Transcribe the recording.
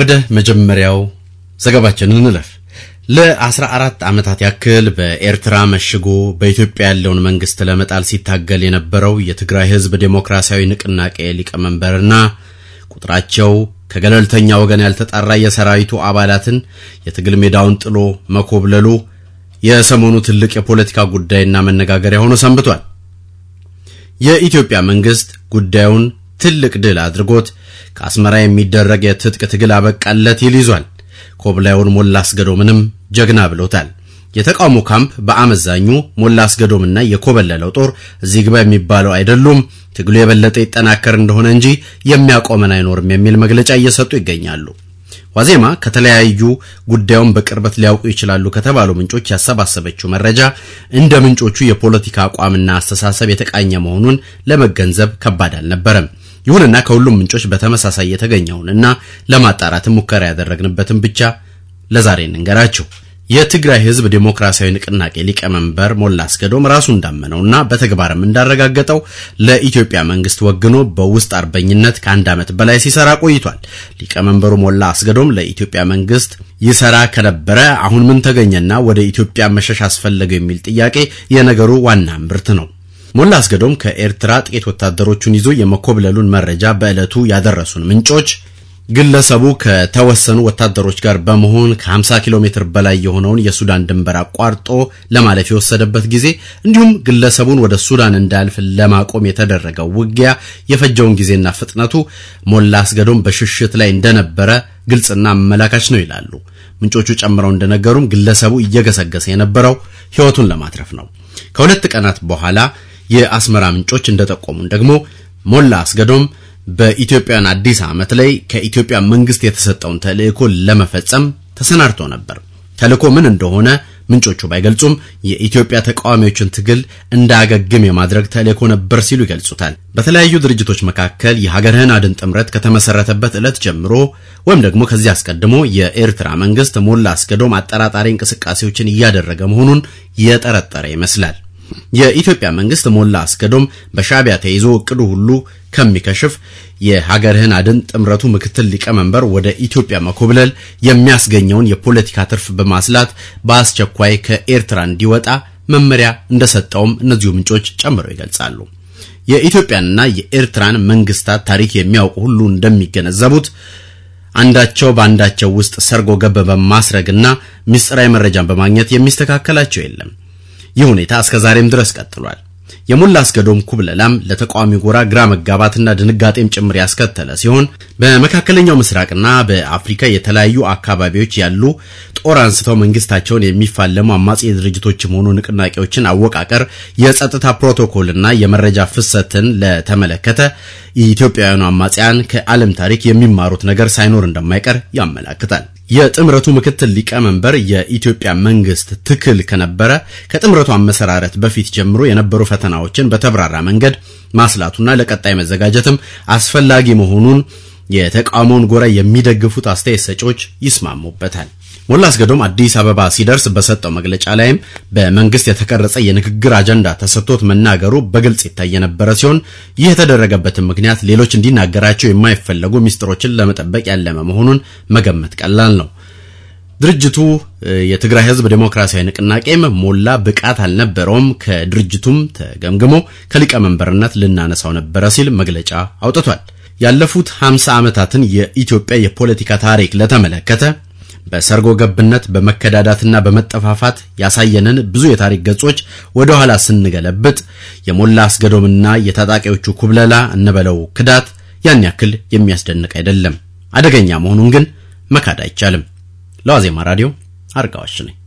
ወደ መጀመሪያው ዘገባችንን እንለፍ። ለ14 ዓመታት ያክል በኤርትራ መሽጎ በኢትዮጵያ ያለውን መንግስት ለመጣል ሲታገል የነበረው የትግራይ ህዝብ ዴሞክራሲያዊ ንቅናቄ ሊቀመንበርና ቁጥራቸው ከገለልተኛ ወገን ያልተጣራ የሰራዊቱ አባላትን የትግል ሜዳውን ጥሎ መኮብለሉ የሰሞኑ ትልቅ የፖለቲካ ጉዳይና መነጋገሪያ ሆኖ ሰንብቷል። የኢትዮጵያ መንግስት ጉዳዩን ትልቅ ድል አድርጎት ከአስመራ የሚደረግ የትጥቅ ትግል አበቃለት ይል ይዟል። ኮብላዩን ሞላ አስገዶምንም ጀግና ብሎታል። የተቃውሞ ካምፕ በአመዛኙ ሞላ አስገዶምና የኮበለለው ጦር እዚህ ግባ የሚባለው አይደሉም፣ ትግሉ የበለጠ ይጠናከር እንደሆነ እንጂ የሚያቆመን አይኖርም የሚል መግለጫ እየሰጡ ይገኛሉ። ዋዜማ ከተለያዩ ጉዳዩን በቅርበት ሊያውቁ ይችላሉ ከተባሉ ምንጮች ያሰባሰበችው መረጃ እንደ ምንጮቹ የፖለቲካ አቋምና አስተሳሰብ የተቃኘ መሆኑን ለመገንዘብ ከባድ አልነበረም። ይሁንና ከሁሉም ምንጮች በተመሳሳይ የተገኘውን እና ለማጣራት ሙከራ ያደረግንበትን ብቻ ለዛሬ እንንገራችሁ። የትግራይ ህዝብ ዴሞክራሲያዊ ንቅናቄ ሊቀመንበር ሞላ አስገዶም ራሱ እንዳመነውና በተግባርም እንዳረጋገጠው ለኢትዮጵያ መንግስት ወግኖ በውስጥ አርበኝነት ከአንድ ዓመት በላይ ሲሰራ ቆይቷል። ሊቀመንበሩ ሞላ አስገዶም ለኢትዮጵያ መንግስት ይሰራ ከነበረ አሁን ምን ተገኘና ወደ ኢትዮጵያ መሸሽ አስፈለገው የሚል ጥያቄ የነገሩ ዋና እምብርት ነው። ሞላ አስገዶም ከኤርትራ ጥቂት ወታደሮቹን ይዞ የመኮብለሉን መረጃ በዕለቱ ያደረሱን ምንጮች ግለሰቡ ከተወሰኑ ወታደሮች ጋር በመሆን ከ50 ኪሎ ሜትር በላይ የሆነውን የሱዳን ድንበር አቋርጦ ለማለፍ የወሰደበት ጊዜ እንዲሁም ግለሰቡን ወደ ሱዳን እንዳያልፍ ለማቆም የተደረገው ውጊያ የፈጀውን ጊዜና ፍጥነቱ ሞላ አስገዶም በሽሽት ላይ እንደነበረ ግልጽና አመላካች ነው ይላሉ። ምንጮቹ ጨምረው እንደነገሩም ግለሰቡ እየገሰገሰ የነበረው ሕይወቱን ለማትረፍ ነው። ከሁለት ቀናት በኋላ የአስመራ ምንጮች እንደጠቆሙን ደግሞ ሞላ አስገዶም በኢትዮጵያን አዲስ ዓመት ላይ ከኢትዮጵያ መንግስት የተሰጠውን ተልእኮ ለመፈጸም ተሰናድቶ ነበር። ተልእኮ ምን እንደሆነ ምንጮቹ ባይገልጹም የኢትዮጵያ ተቃዋሚዎችን ትግል እንዳገግም የማድረግ ተልእኮ ነበር ሲሉ ይገልጹታል። በተለያዩ ድርጅቶች መካከል የሀገርህን አድን ጥምረት ከተመሰረተበት ዕለት ጀምሮ ወይም ደግሞ ከዚህ አስቀድሞ የኤርትራ መንግስት ሞላ አስገዶም አጠራጣሪ እንቅስቃሴዎችን እያደረገ መሆኑን የጠረጠረ ይመስላል። የኢትዮጵያ መንግስት ሞላ አስገዶም በሻቢያ ተይዞ እቅዱ ሁሉ ከሚከሽፍ የሀገርህን አድን ጥምረቱ ምክትል ሊቀመንበር ወደ ኢትዮጵያ መኮብለል የሚያስገኘውን የፖለቲካ ትርፍ በማስላት በአስቸኳይ ከኤርትራ እንዲወጣ መመሪያ እንደሰጠውም እነዚሁ ምንጮች ጨምረው ይገልጻሉ። የኢትዮጵያንና የኤርትራን መንግስታት ታሪክ የሚያውቁ ሁሉ እንደሚገነዘቡት አንዳቸው በአንዳቸው ውስጥ ሰርጎ ገብ በማስረግና ምስጢራዊ መረጃን በማግኘት የሚስተካከላቸው የለም። ይህ ሁኔታ ዛሬም ድረስ ቀጥሏል። የሙላ አስገዶም ኩብለላም ለተቃዋሚ ጎራ ግራ መጋባትና ድንጋጤም ጭምር ያስከተለ ሲሆን በመካከለኛው ምስራቅና በአፍሪካ የተለያዩ አካባቢዎች ያሉ ጦር አንስተው መንግስታቸውን የሚፋለሙ አማጺ ድርጅቶች የሆኑ ንቅናቄዎችን አወቃቀር፣ የጸጥታ ፕሮቶኮልና የመረጃ ፍሰትን ለተመለከተ የኢትዮጵያውያኑ አማጽያን ከዓለም ታሪክ የሚማሩት ነገር ሳይኖር እንደማይቀር ያመላክታል። የጥምረቱ ምክትል ሊቀመንበር የኢትዮጵያ መንግስት ትክል ከነበረ ከጥምረቱ አመሰራረት በፊት ጀምሮ የነበሩ ፈተናዎችን በተብራራ መንገድ ማስላቱና ለቀጣይ መዘጋጀትም አስፈላጊ መሆኑን የተቃውሞውን ጎራ የሚደግፉት አስተያየት ሰጪዎች ይስማሙበታል። ሞላ አስገዶም አዲስ አበባ ሲደርስ በሰጠው መግለጫ ላይም በመንግስት የተቀረጸ የንግግር አጀንዳ ተሰጥቶት መናገሩ በግልጽ ይታይ የነበረ ሲሆን ይህ የተደረገበትን ምክንያት ሌሎች እንዲናገራቸው የማይፈለጉ ሚስጥሮችን ለመጠበቅ ያለመ መሆኑን መገመት ቀላል ነው። ድርጅቱ የትግራይ ህዝብ ዴሞክራሲያዊ ንቅናቄም ሞላ ብቃት አልነበረውም፣ ከድርጅቱም ተገምግሞ ከሊቀመንበርነት ልናነሳው ነበረ ሲል መግለጫ አውጥቷል። ያለፉት 50 ዓመታትን የኢትዮጵያ የፖለቲካ ታሪክ ለተመለከተ በሰርጎ ገብነት በመከዳዳትና በመጠፋፋት ያሳየንን ብዙ የታሪክ ገጾች ወደ ኋላ ስንገለብጥ የሞላ አስገዶምና የታጣቂዎቹ ኩብለላ እንበለው ክዳት ያን ያክል የሚያስደንቅ አይደለም። አደገኛ መሆኑን ግን መካድ አይቻልም። ለዋዜማ ራዲዮ አርጋዋሽ ነኝ።